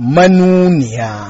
manuniya.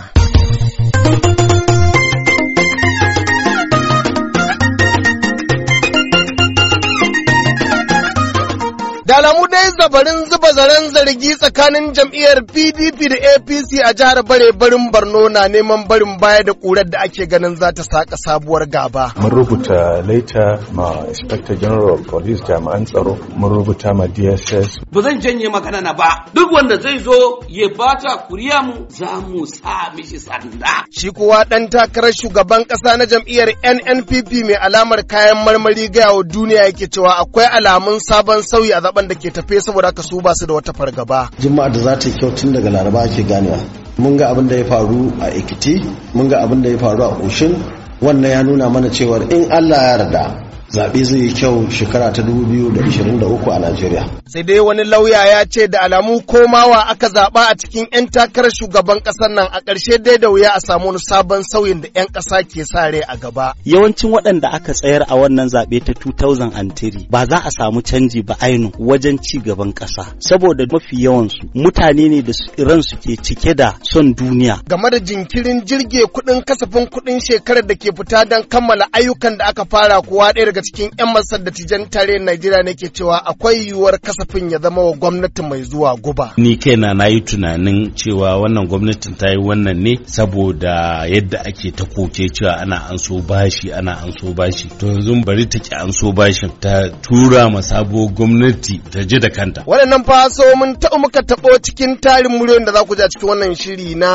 Da alamu dai zabarin zuba zaren zargi tsakanin jam'iyyar PDP da APC a jihar Bare barin Borno na neman barin baya da ƙurar da ake ganin za ta saka sabuwar gaba. Mun rubuta laita ma Inspector General of Police jami'an tsaro, mun rubuta ma DSS. Ba zan janye magana na ba, duk wanda zai zo ya bata kuriya mu za mu sa mishi sanda. Shi kuwa ɗan takarar shugaban ƙasa na jam'iyyar NNPP mai alamar kayan marmari gaya wa duniya yake cewa akwai alamun sabon sauyi a zaɓen wanda da ke tafe saboda haka su ba su da wata fargaba juma'a da za ta yi kyau tun daga laraba ake ganewa mun ga abin da ya faru a ekiti mun ga abin da ya faru a oshin wannan ya nuna mana cewar in allah ya yarda zaɓe zai yi kyau shekara ta 2023 a Najeriya. Sai dai wani lauya ya ce da alamu komawa aka zaɓa a cikin 'yan takarar shugaban ƙasar nan a ƙarshe dai da wuya a samu wani sabon sauyin da 'yan ƙasa ke sa rai a gaba. Yawancin waɗanda aka tsayar a wannan zaɓe ta 2003 ba za a samu canji ba ainu wajen ci gaban ƙasa saboda mafi yawan su mutane ne da ransu ke cike da son duniya. Game da jinkirin jirge kuɗin kasafin kuɗin shekarar da ke fita don kammala ayyukan da aka fara kuwa ɗaya daga daga cikin 'yan masar da tijan tare Najeriya ne ke cewa akwai yiwuwar kasafin ya zama wa gwamnati mai zuwa guba. Ni kaina na yi tunanin cewa wannan gwamnatin ta yi wannan ne saboda yadda ake ta koke cewa ana an so bashi ana an so bashi. To yanzu bari ta ki an so bashin ta tura ma sabo gwamnati ta ji da kanta. Waɗannan fa so mun taɓa muka taɓo cikin tarin muryoyin da za ku ji a cikin wannan shiri na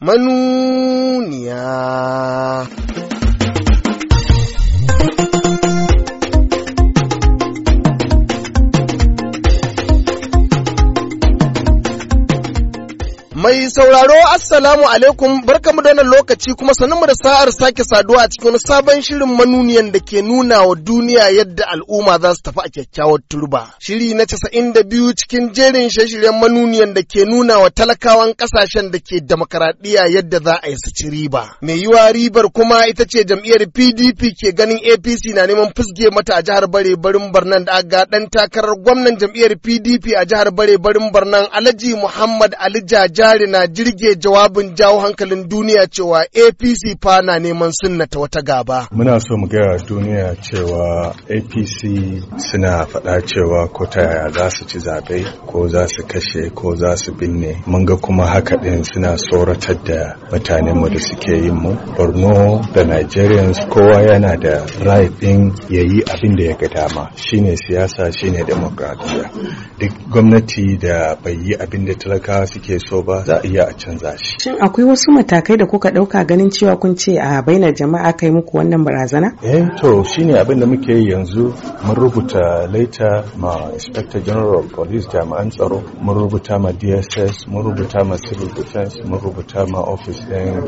manuniya. Mai sauraro Assalamu alaikum barkamu da wannan lokaci kuma sanunmu da sa'ar sake saduwa a cikin sabon shirin manuniyan da ke nuna wa duniya yadda al'umma za su tafi a kyakkyawar turba. Shiri na casa'in da biyu cikin jerin shirye-shiryen manuniyan da ke nuna wa talakawan kasashen da ke demokaradiyya yadda za a yi su ci riba. Mai yiwa ribar kuma ita ce jam'iyyar PDP ke ganin APC na neman fusge mata a jihar Bare barin Barnan da aga dan takarar gwamnan jam'iyyar PDP a jihar Bare barin Barnan Alhaji Muhammad Ali Jaja Buhari na jirge jawabin jawo hankalin duniya cewa APC fa na neman sunnata wata gaba. Muna so mu gaya duniya cewa APC suna faɗa cewa ko ta yaya za su ci zaɓe ko za su kashe ko za su binne. Mun ga kuma haka ɗin suna tsoratar da mutanenmu da suke yi mu. Borno da Nigerians kowa yana da right ɗin ya yi abin da ya ga dama. Shine siyasa shine demokradiyya. Duk gwamnati da bai yi abin da talakawa suke so ba za a iya a canza shi shin akwai wasu matakai da kuka ɗauka ganin cewa kun ce a bainar jama'a kai muku wannan barazana eh to shine abin da muke yanzu mun rubuta laita ma inspector general of police jami'an tsaro mun rubuta ma dss mun rubuta ma civil defense mun rubuta ma office ɗin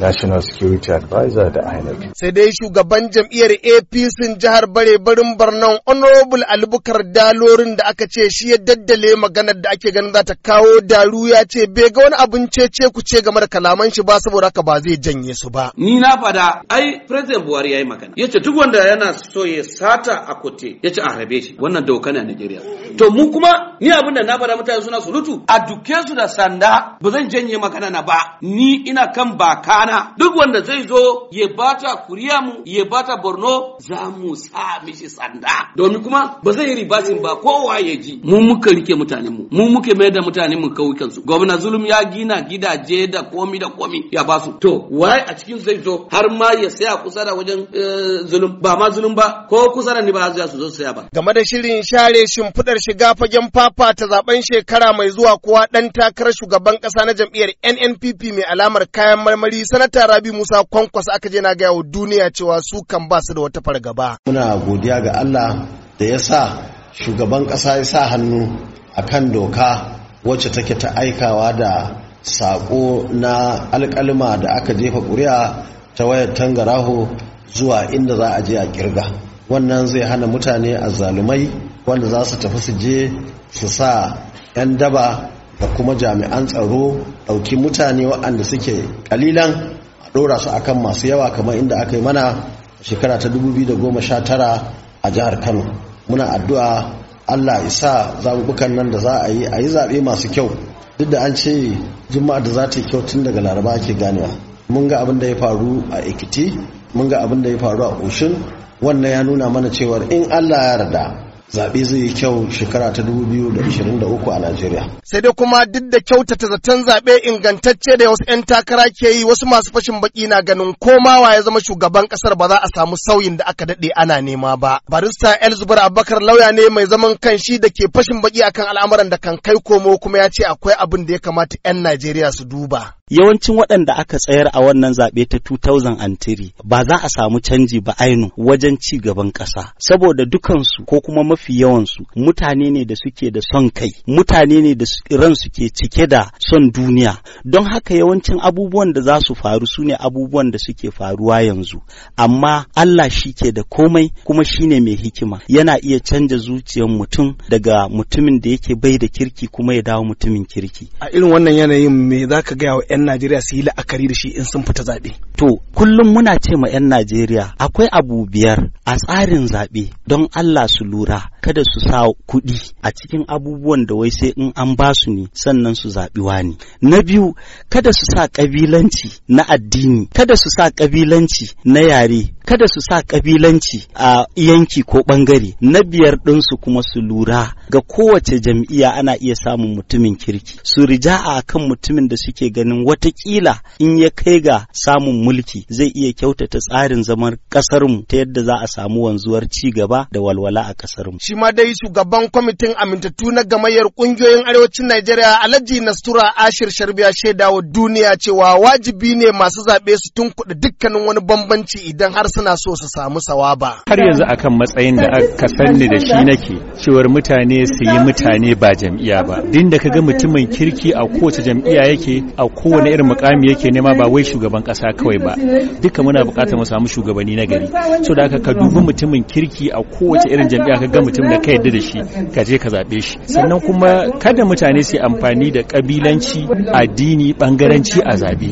national security advisor da inec sai dai shugaban jam'iyyar apc jihar bare barin barnan honorable alibukar dalorin da aka ce shi ya daddale maganar da ake ganin za ta kawo daru ya ce bai ga wani abin cece ku ce game da kalaman shi ba saboda haka ba zai janye su ba. Ni na fada ai President Buhari ya yi magana. Ya duk wanda yana so ya sata a kote ya ce a rabe shi wannan doka ne a Najeriya. To mu kuma ni abin da na fada mutane suna surutu a duke su da sanda ba zan janye magana na ba ni ina kan bakana duk wanda zai zo ya bata kuriya mu ya bata Borno za mu sa mishi sanda domin kuma ba zai yi ribasin ba kowa ya ji mu muka rike mutanen mu mu muke mai da mutanen mu kauyukan su gwamna zulum ya gina gidaje da komi da komi ya basu to wai a cikin zai zo har ma ya saya kusa da wajen eh, zulum ba ma zulum ba ko kusa da ni ba za su zo saya ba game da shirin share shimfidar shiga fagen fafa ta zaben shekara mai zuwa kuwa dan takarar shugaban kasa na jam'iyyar NNPP mai alamar kayan marmari sanata Rabi Musa Kwankwas aka je na ga wa duniya cewa su kan ba su da wata fargaba muna godiya ga Allah da ya sa shugaban kasa ya sa hannu akan doka wacce take ta aikawa da sako na alkalma da aka jefa ƙuri'a ta wayar tangaraho zuwa inda za a je a ƙirga wannan zai hana mutane a zalumai wanda za su tafi su je su sa 'yan daba da kuma jami'an tsaro ɗauki mutane waɗanda suke ƙalilan a ɗora su akan masu yawa kamar inda aka yi mana shekara ta 2019 a jihar kano muna addu'a Allah ya sa zaɓuɓɓukan nan da za a yi a yi zaɓe masu kyau duk da an ce juma'a da za ta yi kyau tun daga laraba ake ganewa mun ga abin da ya faru a ekiti mun ga abin da ya faru a oshin wannan ya nuna mana cewar in Allah ya yarda zaɓe zai yi kyau shekara ta 2023 a Najeriya. Sai dai kuma duk da kyautata zaton zaɓe ingantacce da wasu 'yan takara ke yi wasu masu fashin baki na ganin komawa ya zama shugaban ƙasar ba za a samu sauyin da aka daɗe ana nema ba. Barista El Zubar Abubakar lauya ne mai zaman kanshi da ke fashin baki akan al'amuran da kan kai komo kuma ya ce akwai abin da ya kamata 'yan Najeriya su duba. yawancin waɗanda aka tsayar a wannan zaɓe ta 2003 ba za a samu canji ba ainu wajen ci gaban ƙasa saboda dukansu ko kuma mafi yawansu mutane ne da suke da son kai mutane ne da ransu ke cike da son duniya don haka yawancin abubuwan da za su faru su ne abubuwan da suke faruwa yanzu amma Allah shi ke da komai kuma shi ne mai hikima yana iya canja zuciyar mutum daga mutumin da yake bai da kirki kuma ya dawo mutumin kirki a irin wannan yanayin me za ka gaya wa 'yan 'yan Najeriya su yi la'akari da shi in sun fita zaɓe. To, kullum muna ce ma 'yan Najeriya akwai abu biyar a tsarin zaɓe don Allah su lura kada su sa kuɗi a cikin abubuwan da wai sai in an ba su ne sannan su zaɓi wani. Na biyu, kada su sa ƙabilanci na addini, kada su sa ƙabilanci na yare, kada su sa kabilanci a yanki ko bangare na biyar su kuma su lura ga kowace jam'iyya ana iya samun mutumin kirki su a kan mutumin da suke ganin watakila in ya kai ga samun mulki zai iya kyautata tsarin zaman mu ta yadda za a samu wanzuwar ci gaba da walwala a ƙasarmu. Shi ma dai shugaban kwamitin amintattu na gamayyar kungiyoyin arewacin Najeriya Alhaji Nastura Ashir Sharbiya shaida wa duniya cewa wajibi ne masu zaɓe su tunkuɗa dukkanin wani bambanci idan har sun suna so su samu sawaba har yanzu akan matsayin da aka sanni da shi nake cewar mutane su yi mutane ba jam'iyya ba din da ga mutumin kirki a kowace jam'iyya yake a kowane irin mukami yake nema ba wai shugaban kasa kawai ba duka muna bukatar mu samu shugabanni na gari so da ka dubi mutumin kirki a kowace irin jam'iyya ka ga mutum da ka yadda da shi ka je ka zaɓe shi sannan kuma kada mutane su amfani da kabilanci addini bangaranci a zabe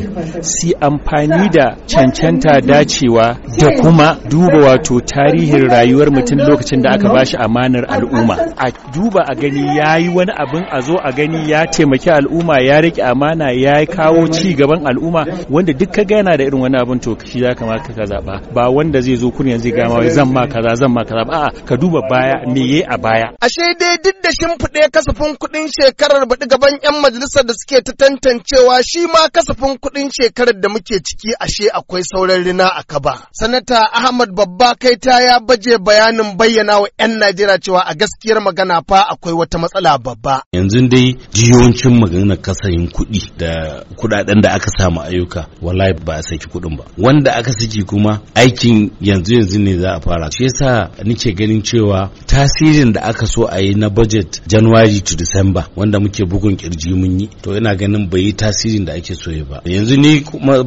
su amfani da cancanta dacewa da kuma duba wato tarihin rayuwar mutum lokacin da aka bashi amanar al'umma a duba a gani ya yi wani abin a zo a gani ya taimaki al'umma ya rike amana ya kawo ci gaban al'umma wanda duk ka gana da irin wani abin to shi ya kamata ka zaba ba wanda zai zo kun yanzu gama wai zan ma kaza zan ma kaza a'a ka duba baya me ye a baya ashe dai duk da shimfiɗe kasafin kuɗin shekarar baɗi gaban yan majalisar da suke ta tantancewa shi ma kasafin kuɗin shekarar da muke ciki ashe akwai sauran rina a kaba sanar sanata Ahmad Babba Kaita ya baje bayanin bayyana wa 'yan Najeriya cewa a gaskiyar magana fa akwai wata matsala babba. Yanzu dai jiyoncin magana kasayin kuɗi da kuɗaɗen da aka samu ayyuka wallahi ba a saki kuɗin ba. Wanda aka saki kuma aikin yanzu yanzu ne za a fara. Shi yasa nake ganin cewa tasirin da aka so a yi na budget January to December wanda muke bugun kirji mun yi to ina ganin bai yi tasirin da ake so ya ba. Yanzu ni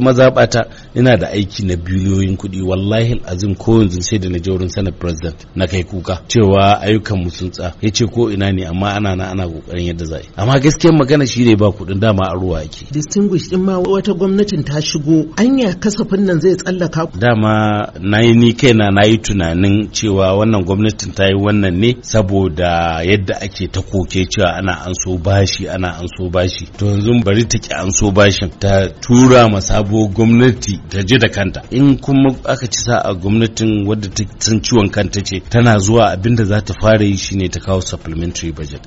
mazaɓata ina da aiki na biliyoyin kuɗi wallahi wallahi azim ko yanzu sai da na je wurin sanar president na kai kuka cewa ayyukan mu sun tsa yace ko ina ne amma ana na ana kokarin yadda za amma gaskiyar magana shi ne ba kuɗin dama a ruwa yake distinguish din ma wata gwamnatin ta shigo anya kasafin nan zai tsallaka dama nayi ni kaina nayi tunanin cewa wannan gwamnatin ta yi wannan ne saboda yadda ake ta koke cewa ana an so bashi ana an so bashi to yanzu bari ta ki an so bashin ta tura ma sabo gwamnati ta je da kanta in kuma aka ci a gwamnatin wadda ta san ciwon kanta ce tana zuwa abinda za ta fara yi shine ta kawo supplementary budget.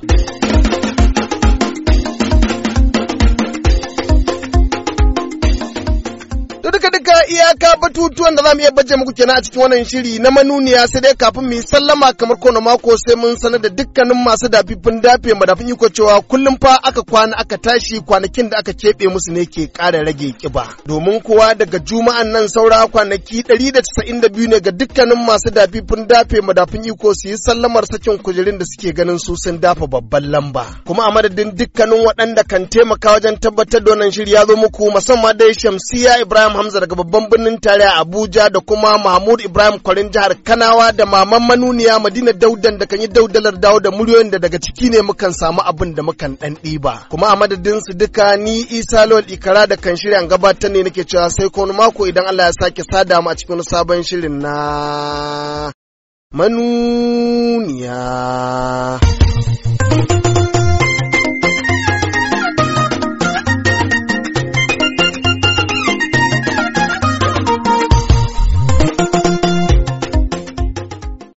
iyaka batutuwan da za mu iya baje muku kenan a cikin wannan shiri na manuniya sai dai kafin mu yi sallama kamar kowane mako sai mun sanar da dukkanin masu dafifin dafe dafin iko cewa kullum fa aka kwana aka tashi kwanakin da aka keɓe musu ne ke ƙara rage kiba Domin kuwa daga juma'an nan saura kwanaki 192 ne ga dukkanin masu dafifin dafe dafin iko su yi sallamar sakin kujerun da suke ganin su sun dafa babban lamba. Kuma a madadin dukkanin waɗanda kan taimaka wajen tabbatar da wannan shiri ya zo muku musamman dai Shamsiya Ibrahim Hamza daga babban babban birnin tarayya Abuja da kuma Mahmud Ibrahim Kwarin jihar Kanawa da maman manuniya Madina Daudan da kan yi daudalar dawo da muryoyin da daga ciki ne mukan samu abin da mukan dan ɗiba. Kuma a madadin su duka ni Isa Lawal Ikara da kan shirya gabatar ne nake cewa sai ko mako idan Allah ya sake sada mu a cikin sabon shirin na manuniya.